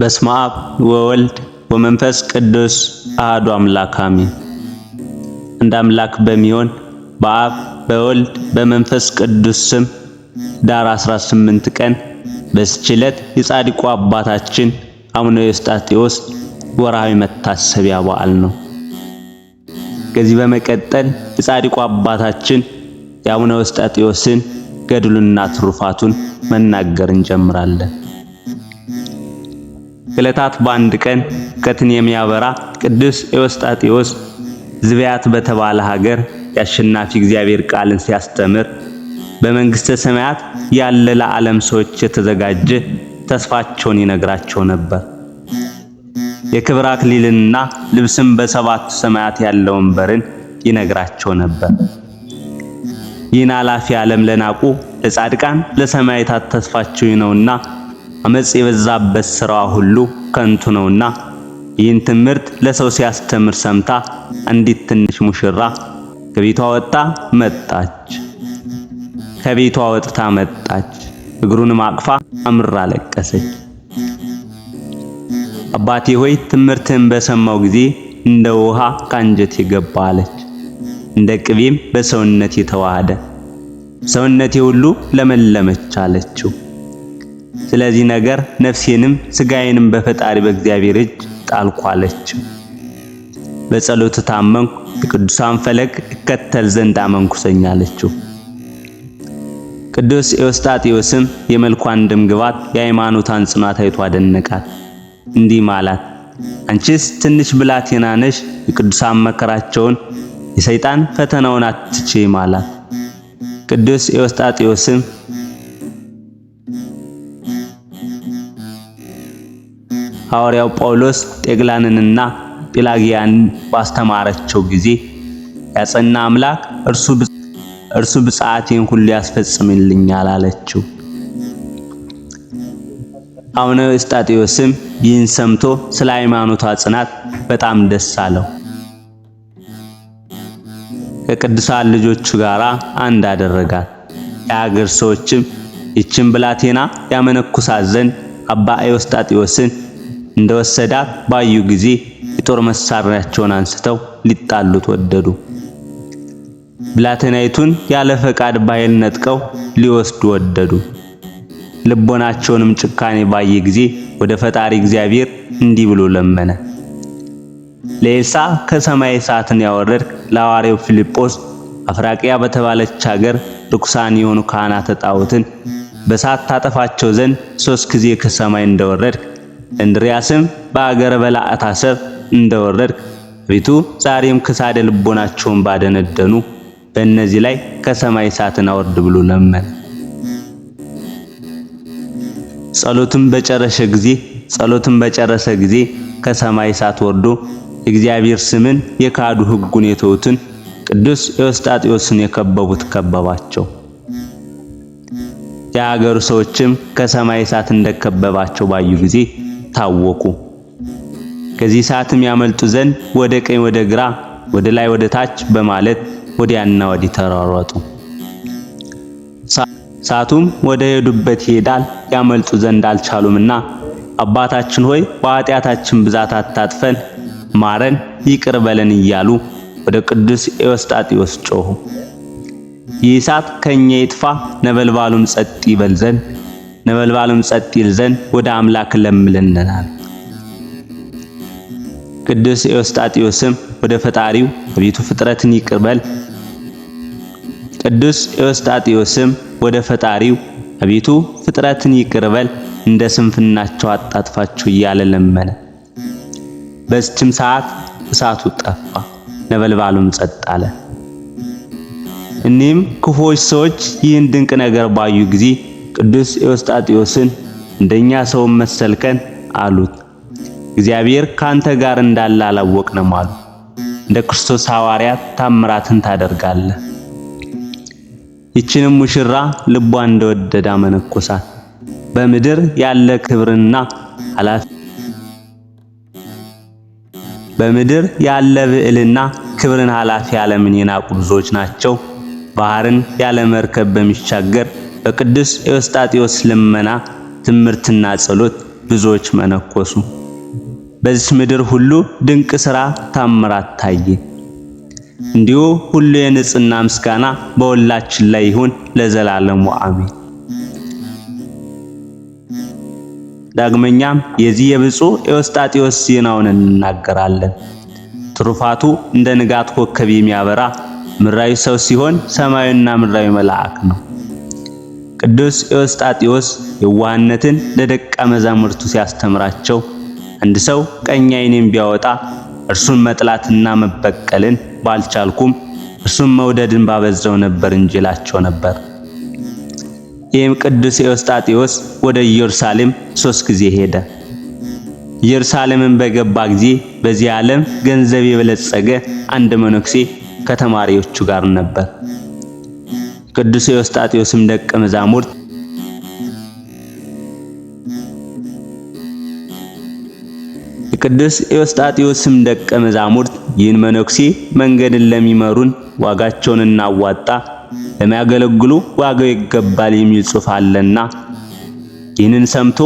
በስመ አብ ወወልድ ወመንፈስ ቅዱስ አሐዱ አምላክ አሜን። እንደ አምላክ በሚሆን በአብ በወልድ በመንፈስ ቅዱስ ስም ዳር 18 ቀን በስችለት የጻድቁ አባታችን አቡነ ኤዎስጣቴዎስ ወርሃዊ መታሰቢያ በዓል ነው። ከዚህ በመቀጠል የጻድቁ አባታችን የአቡነ ኤዎስጣቴዎስን ገድሉና ትሩፋቱን መናገር እንጀምራለን። ዕለታት በአንድ ቀን እውቀትን የሚያበራ ቅዱስ ኤዎስጣቴዎስ ዝብያት በተባለ ሀገር የአሸናፊ እግዚአብሔር ቃልን ሲያስተምር በመንግስተ ሰማያት ያለ ለዓለም ሰዎች የተዘጋጀ ተስፋቸውን ይነግራቸው ነበር። የክብር አክሊልንና ልብስም በሰባቱ ሰማያት ያለው ወንበርን ይነግራቸው ነበር። ይህን አላፊ ዓለም ለናቁ ለጻድቃን ለሰማዕታት ተስፋቸው ነውና አመጽ የበዛበት ስራዋ ሁሉ ከንቱ ነውና ይህን ትምህርት ለሰው ሲያስተምር ሰምታ አንዲት ትንሽ ሙሽራ ከቤቷ ወጣ መጣች። ከቤቷ ወጥታ መጣች። እግሩንም አቅፋ አምራ አለቀሰች። አባቴ ሆይ ትምህርትን በሰማው ጊዜ እንደ ውሃ ካንጀት የገባ አለች። እንደ ቅቤም በሰውነት የተዋሃደ ሰውነቴ ሁሉ ለመለመች አለችው። ስለዚህ ነገር ነፍሴንም ስጋዬንም በፈጣሪ በእግዚአብሔር እጅ ጣልኳለች። በጸሎት ታመንኩ፣ የቅዱሳን ፈለግ እከተል ዘንድ አመንኩሰኝ አለችው። ቅዱስ ኤዎስጣቴዎስም የመልኳን ደምግባት የሃይማኖቷን ጽናት አይቶ አደነቃት። እንዲህ ማላት፣ አንቺስ ትንሽ ብላቴና ነሽ፣ የቅዱሳን መከራቸውን የሰይጣን ፈተናውን አትቼ ማላት። ቅዱስ ኤዎስጣቴዎስም ሐዋርያው ጳውሎስ ጤግላንንና ጲላጊያን ባስተማረቸው ጊዜ ያጸና አምላክ እርሱ እርሱ ብጽዓቴን ሁሉ ያስፈጽምልኛል አለችው። አቡነ እስጣቴዎስም ይህን ሰምቶ ስለ ሃይማኖቷ ጽናት በጣም ደስ አለው። ከቅዱሳን ልጆቹ ጋራ አንድ አደረጋት። የአገር ሰዎችም ይችን ብላቴና ያመነኩሳት ዘንድ አባ ኤዎስጣቴዎስን እንደወሰዳት ባዩ ጊዜ የጦር መሳሪያቸውን አንስተው ሊጣሉት ወደዱ። ብላቴናይቱን ያለ ፈቃድ በኃይል ነጥቀው ሊወስዱ ወደዱ። ልቦናቸውንም ጭካኔ ባየ ጊዜ ወደ ፈጣሪ እግዚአብሔር እንዲህ ብሎ ለመነ። ለኤልሳ ከሰማይ እሳትን ያወረድክ ለሐዋርያው ፊልጶስ አፍራቂያ በተባለች ሀገር ርኩሳን የሆኑ ካህናተ ጣዖትን በእሳት ታጠፋቸው ዘንድ ሶስት ጊዜ ከሰማይ እንደወረድ እንድርያስም በአገረ ሰብ እንደወረድክ አቤቱ ዛሬም ከሳደ ልቦናቸውን ባደነደኑ በእነዚህ ላይ ከሰማይ እሳትን አወርድ ብሎ ለመነ። ጸሎትም በጨረሰ ጊዜ ጸሎትም በጨረሰ ጊዜ ከሰማይ እሳት ወርዶ እግዚአብሔር ስምን የካዱ ሕጉን የተውትን ቅዱስ ኤዎስጣቴዎስን የከበቡት ከበባቸው። የሀገሩ ሰዎችም ከሰማይ እሳት እንደከበባቸው ባዩ ጊዜ ታወኩ። ከዚህ ሰዓትም ያመልጡ ዘንድ ወደ ቀኝ፣ ወደ ግራ፣ ወደ ላይ፣ ወደ ታች በማለት ወዲያና ወዲህ ተሯሯጡ። ሰዓቱም ወደ ሄዱበት ይሄዳል፣ ያመልጡ ዘንድ አልቻሉምና አባታችን ሆይ በኃጢአታችን ብዛት አታጥፈን፣ ማረን፣ ይቅር በለን እያሉ ወደ ቅዱስ ኤዎስጣቴዎስ ጮኹ። ይህ እሳት ከኛ ይጥፋ፣ ነበልባሉም ጸጥ ይበል ዘንድ ነበልባልም ጸጥ ይል ዘንድ ወደ አምላክ ለምልናል። ቅዱስ ኤዎስጣቴዎስም ወደ ፈጣሪው አቤቱ ፍጥረትን ይቅርበል። ቅዱስ ኤዎስጣቴዎስም ወደ ፈጣሪው አቤቱ ፍጥረትን ይቅርበል እንደ ስንፍናቸው አጣጥፋቸው እያለ ለመነ። በዚችም ሰዓት እሳቱ ጠፋ፣ ነበልባሉም ጸጥ አለ። እኒህም ክፉዎች ሰዎች ይህን ድንቅ ነገር ባዩ ጊዜ ቅዱስ ኤዎስጣቴዎስን እንደኛ ሰውን መሰልከን አሉት። እግዚአብሔር ካንተ ጋር እንዳለ አላወቅንም አሉ። እንደ ክርስቶስ ሐዋርያት ታምራትን ታደርጋለህ። ይችንም ሙሽራ ልቧ እንደወደዳ መነኮሳት በምድር ያለ ክብርና ኃላፊ በምድር ያለ ብዕልና ክብርን ኃላፊ ዓለምን የናቁ ብዙዎች ናቸው። ባህርን ያለ መርከብ በሚሻገር በቅዱስ ኤዎስጣቴዎስ ልመና ትምህርትና ጸሎት ብዙዎች መነኮሱ። በዚህ ምድር ሁሉ ድንቅ ሥራ ታምራት ታየ። እንዲሁ ሁሉ የንጽህና ምስጋና በሁላችን ላይ ይሁን ለዘላለሙ አሜን። ዳግመኛም የዚህ የብፁዕ ኤዎስጣቴዎስ ዜናውን እንናገራለን። ትሩፋቱ እንደ ንጋት ኮከብ የሚያበራ ምድራዊ ሰው ሲሆን ሰማያዊና ምድራዊ መልአክ ነው። ቅዱስ ኤዎስጣቴዎስ የዋህነትን ለደቀ መዛሙርቱ ሲያስተምራቸው አንድ ሰው ቀኝ ዓይኔን ቢያወጣ እርሱን መጥላትና መበቀልን ባልቻልኩም እርሱን መውደድን ባበዛው ነበር እንጂ ነበር። ይህም ቅዱስ ኤዎስጣቴዎስ ወደ ኢየሩሳሌም ሶስት ጊዜ ሄደ። ኢየሩሳሌምን በገባ ጊዜ በዚህ ዓለም ገንዘብ የበለጸገ አንድ መነኩሴ ከተማሪዎቹ ጋር ነበር። ቅዱስ ኤዎስጣቴዎስም ደቀ መዛሙርት ቅዱስ ኤዎስጣቴዎስም ደቀ መዛሙርት ይህን መነኩሴ መንገድን ለሚመሩን ዋጋቸውን እናዋጣ፣ ለሚያገለግሉ ዋጋው ይገባል የሚል ጽሑፍ አለና ይህንን ሰምቶ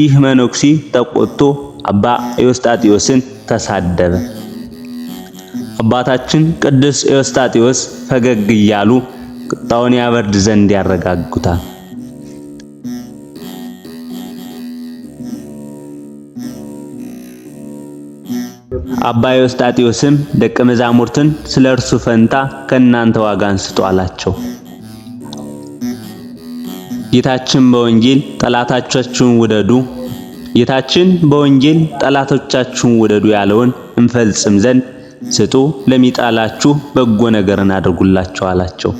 ይህ መነኩሴ ተቆጥቶ አባ ኤዎስጣቴዎስን ተሳደበ። አባታችን ቅዱስ ኤዎስጣቴዎስ ፈገግ እያሉ ቁጣውን ያበርድ ዘንድ ያረጋጉታል። አባ ኤዎስጣቴዎስም ደቀ መዛሙርትን ስለ እርሱ ፈንታ ከእናንተ ዋጋ አንስቶ አላቸው። ጌታችን በወንጌል ጠላታቻችሁን ውደዱ፣ ጌታችን በወንጌል ጠላቶቻችሁን ውደዱ ያለውን እንፈጽም ዘንድ ስጡ፣ ለሚጣላችሁ በጎ ነገርን አድርጉላቸው አላቸው።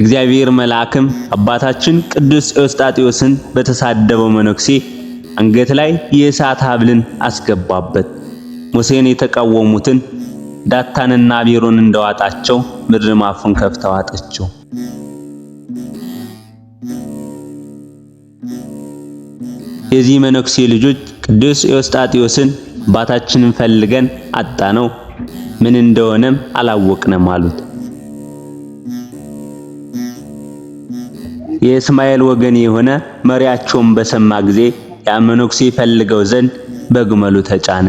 እግዚአብሔር መልአክም አባታችን ቅዱስ ኤዎስጣቴዎስን በተሳደበው መነኩሴ አንገት ላይ የእሳት ሀብልን አስገባበት። ሙሴን የተቃወሙትን ዳታንና አቤሮን እንደዋጣቸው ምድር አፉን ከፍታ ዋጠችው። የዚህ መነኩሴ ልጆች ቅዱስ ኤዎስጣቴዎስን አባታችንን ፈልገን አጣነው፣ ምን እንደሆነም አላወቅንም አሉት። የእስማኤል ወገን የሆነ መሪያቸውን በሰማ ጊዜ ያ ፈልገው ዘንድ በግመሉ ተጫነ።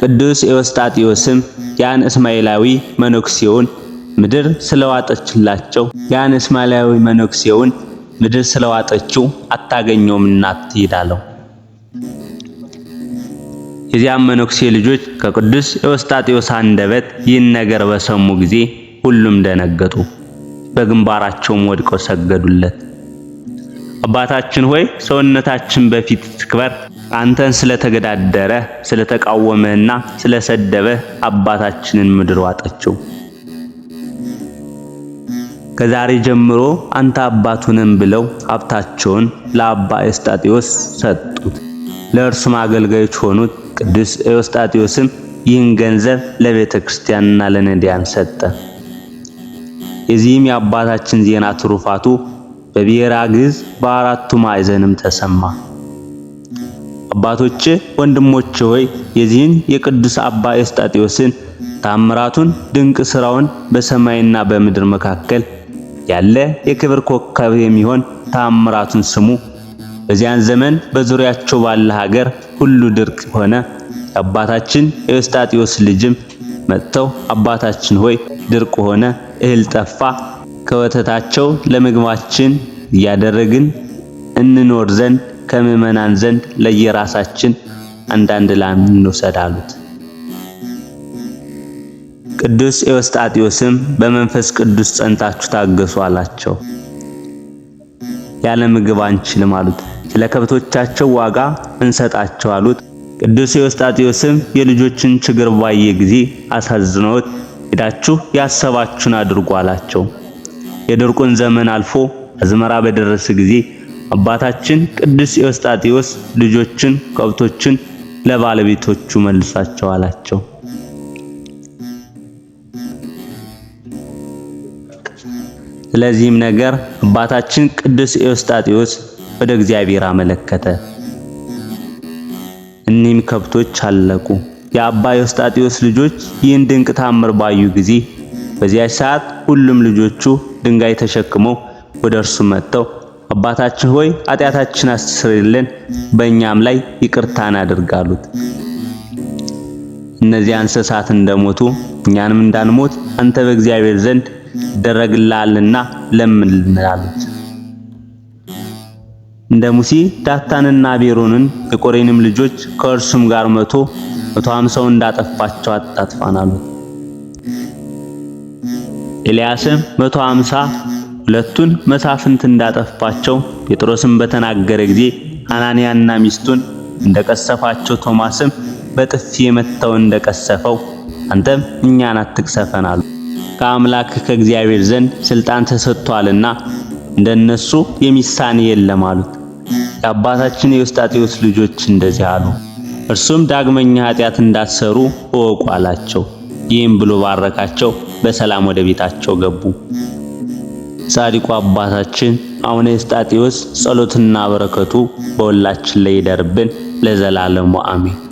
ቅዱስ ኤዎስጣቴዎስም ያን እስማኤላዊ መነኩሴውን ምድር ስለዋጠችላቸው ያን እስማኤላዊ መነኩሴውን ምድር ስለዋጠችው አታገኘውምና አትሂድ አለው። የዚያም መነኩሴ ልጆች ከቅዱስ ኤዎስጣቴዎስ አንደበት ይህን ነገር በሰሙ ጊዜ ሁሉም ደነገጡ። በግንባራቸውም ወድቀው ሰገዱለት። አባታችን ሆይ ሰውነታችን በፊት ትክበር። አንተን ስለተገዳደረ ስለተቃወመህና ስለሰደበ አባታችንን ምድር ዋጠችው። ከዛሬ ጀምሮ አንተ አባቱንም ብለው ሀብታቸውን ለአባ ኤዎስጣቴዎስ ሰጡት። ለእርሱም አገልጋዮች ሆኑት። ቅዱስ ኤዎስጣቴዎስም ይህን ገንዘብ ለቤተ ክርስቲያንና ለነዳያን ሰጠ። የዚህም የአባታችን ዜና ትሩፋቱ በብሔራ ግዝ በአራቱ ማዕዘንም ተሰማ። አባቶች ወንድሞች ሆይ የዚህን የቅዱስ አባ ኤስጣቴዎስን ታምራቱን ድንቅ ስራውን በሰማይና በምድር መካከል ያለ የክብር ኮከብ የሚሆን ታምራቱን ስሙ። በዚያን ዘመን በዙሪያቸው ባለ ሀገር ሁሉ ድርቅ ሆነ። አባታችን ኤስጣቴዎስ ልጅም መጥተው አባታችን ሆይ ድርቅ ሆነ እህል ጠፋ፣ ከወተታቸው ለምግባችን እያደረግን እንኖር ዘንድ ከምእመናን ዘንድ ለየራሳችን አንዳንድ ላም እንውሰድ አሉት። ቅዱስ ኤዎስጣቴዎስም በመንፈስ ቅዱስ ጸንታችሁ ታገሱ አላቸው። ያለ ምግብ አንችልም አሉት። ስለ ከብቶቻቸው ዋጋ እንሰጣቸው አሉት። ቅዱስ ኤዎስጣቴዎስም የልጆችን ችግር ባየ ጊዜ አሳዝኖት ሄዳችሁ ያሰባችሁን አድርጉ አላቸው። የድርቁን ዘመን አልፎ አዝመራ በደረሰ ጊዜ አባታችን ቅዱስ ኤዎስጣቴዎስ ልጆችን፣ ከብቶችን ለባለቤቶቹ መልሳቸው አላቸው። ስለዚህም ነገር አባታችን ቅዱስ ኤዎስጣቴዎስ ወደ እግዚአብሔር አመለከተ። እኒህም ከብቶች አለቁ። የአባ ዮስጣጢዮስ ልጆች ይህን ድንቅ ታምር ባዩ ጊዜ በዚያች ሰዓት ሁሉም ልጆቹ ድንጋይ ተሸክመው ወደ እርሱ መጥተው አባታችን ሆይ ኃጢአታችን አስስርልን፣ በእኛም ላይ ይቅርታን አድርጋሉት። እነዚያ እንስሳት እንደሞቱ እኛንም እንዳንሞት አንተ በእግዚአብሔር ዘንድ ደረግላልና ለምንልን እንደ ሙሴ ዳታንና አቤሮንን የቆሬንም ልጆች ከእርሱም ጋር መቶ መቶ ሃምሳው እንዳጠፋቸው አታጥፋን አሉ። ኤልያስም መቶ ሃምሳ ሁለቱን መሳፍንት እንዳጠፋቸው ጴጥሮስም በተናገረ ጊዜ አናንያና ሚስቱን እንደቀሰፋቸው ቶማስም በጥፊ የመታው እንደቀሰፈው አንተም እኛን አትቅሰፈን አሉ። ከአምላክ ከእግዚአብሔር ዘንድ ስልጣን ተሰጥቷልና እንደነሱ የሚሳን የለም አሉት። የአባታችን የውስጣጤዎስ ልጆች እንደዚህ አሉ። እርሱም ዳግመኛ ኃጢአት እንዳትሰሩ እወቁ አላቸው። ይህም ብሎ ባረካቸው፣ በሰላም ወደ ቤታቸው ገቡ። ጻድቁ አባታችን አቡነ ኤስጣቴዎስ ጸሎትና በረከቱ በሁላችን ላይ ይደርብን ለዘላለሙ አሜን።